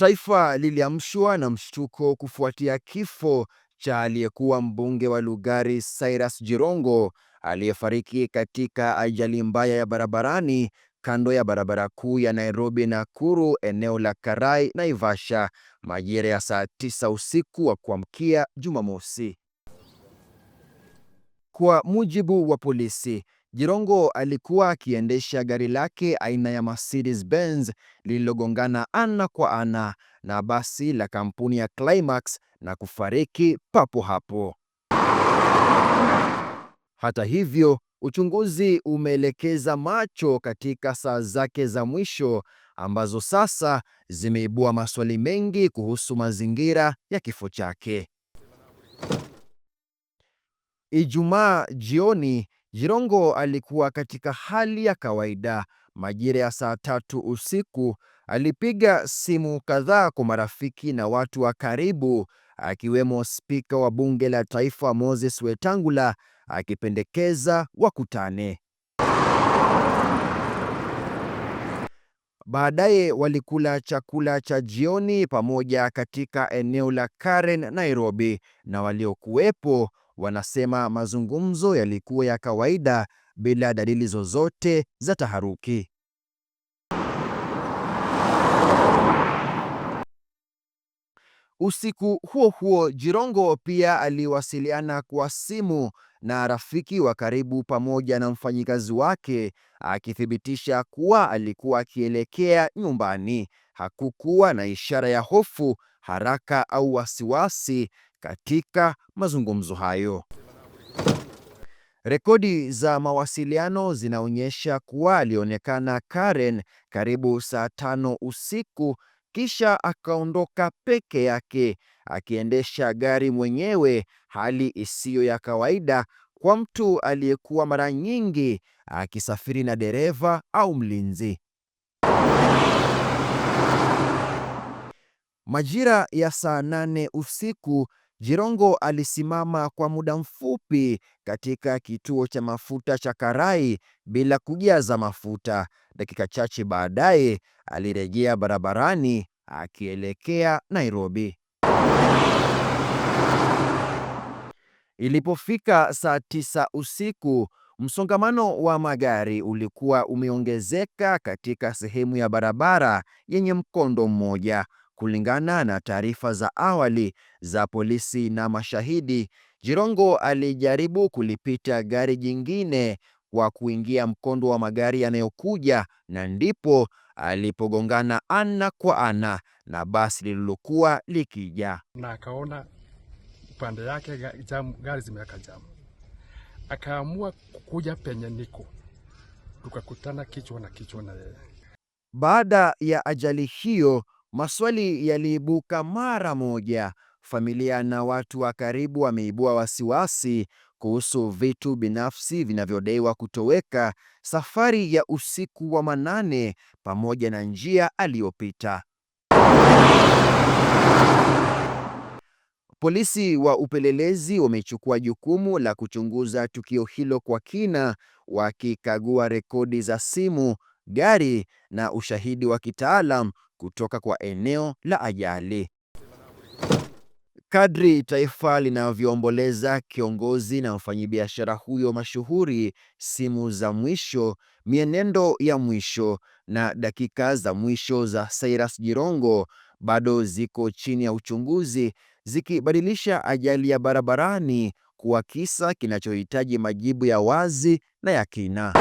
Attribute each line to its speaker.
Speaker 1: Taifa liliamshwa na mshtuko kufuatia kifo cha aliyekuwa mbunge wa Lugari Cyrus Jirongo aliyefariki katika ajali mbaya ya barabarani kando ya barabara kuu ya Nairobi Nakuru, eneo la Karai, Naivasha, majira ya saa tisa usiku wa kuamkia Jumamosi, kwa mujibu wa polisi. Jirongo alikuwa akiendesha gari lake aina ya Mercedes Benz lililogongana ana kwa ana na basi la kampuni ya Climax na kufariki papo hapo. Hata hivyo, uchunguzi umeelekeza macho katika saa zake za mwisho ambazo sasa zimeibua maswali mengi kuhusu mazingira ya kifo chake. Ijumaa jioni Jirongo alikuwa katika hali ya kawaida. Majira ya saa tatu usiku alipiga simu kadhaa kwa marafiki na watu wa karibu, akiwemo Spika wa Bunge la Taifa Moses Wetangula akipendekeza wakutane. Baadaye walikula chakula cha jioni pamoja katika eneo la Karen, Nairobi, na waliokuwepo wanasema mazungumzo yalikuwa ya kawaida bila dalili zozote za taharuki. Usiku huo huo, Jirongo pia aliwasiliana kwa simu na rafiki wa karibu pamoja na mfanyikazi wake akithibitisha kuwa alikuwa akielekea nyumbani. Hakukuwa na ishara ya hofu, haraka au wasiwasi katika mazungumzo hayo. Rekodi za mawasiliano zinaonyesha kuwa alionekana Karen karibu saa tano usiku kisha akaondoka peke yake akiendesha gari mwenyewe, hali isiyo ya kawaida kwa mtu aliyekuwa mara nyingi akisafiri na dereva au mlinzi. Majira ya saa nane usiku Jirongo alisimama kwa muda mfupi katika kituo cha mafuta cha Karai bila kujaza mafuta. Dakika chache baadaye alirejea barabarani akielekea Nairobi. Ilipofika saa tisa usiku, msongamano wa magari ulikuwa umeongezeka katika sehemu ya barabara yenye mkondo mmoja. Kulingana na taarifa za awali za polisi na mashahidi, Jirongo alijaribu kulipita gari jingine kwa kuingia mkondo wa magari yanayokuja na ndipo alipogongana ana kwa ana na basi lililokuwa likija,
Speaker 2: na akaona upande yake jamu, gari zimeweka jamu, akaamua kuja penye niko, tukakutana kichwa na kichwa na yeye.
Speaker 1: Baada ya ajali hiyo Maswali yaliibuka mara moja. Familia na watu wa karibu wameibua wasiwasi kuhusu vitu binafsi vinavyodaiwa kutoweka, safari ya usiku wa manane, pamoja na njia aliyopita. Polisi wa upelelezi wamechukua jukumu la kuchunguza tukio hilo kwa kina, wakikagua rekodi za simu gari na ushahidi wa kitaalam kutoka kwa eneo la ajali. Kadri taifa linavyoomboleza kiongozi na mfanyibiashara huyo mashuhuri, simu za mwisho, mienendo ya mwisho na dakika za mwisho za Cyrus Jirongo bado ziko chini ya uchunguzi, zikibadilisha ajali ya barabarani kuwa kisa kinachohitaji majibu ya wazi na ya kina.